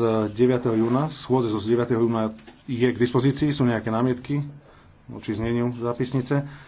z 9. júna, schôdze zo 9. júna je k dispozícii, sú nejaké námietky voči zneniu zápisnice.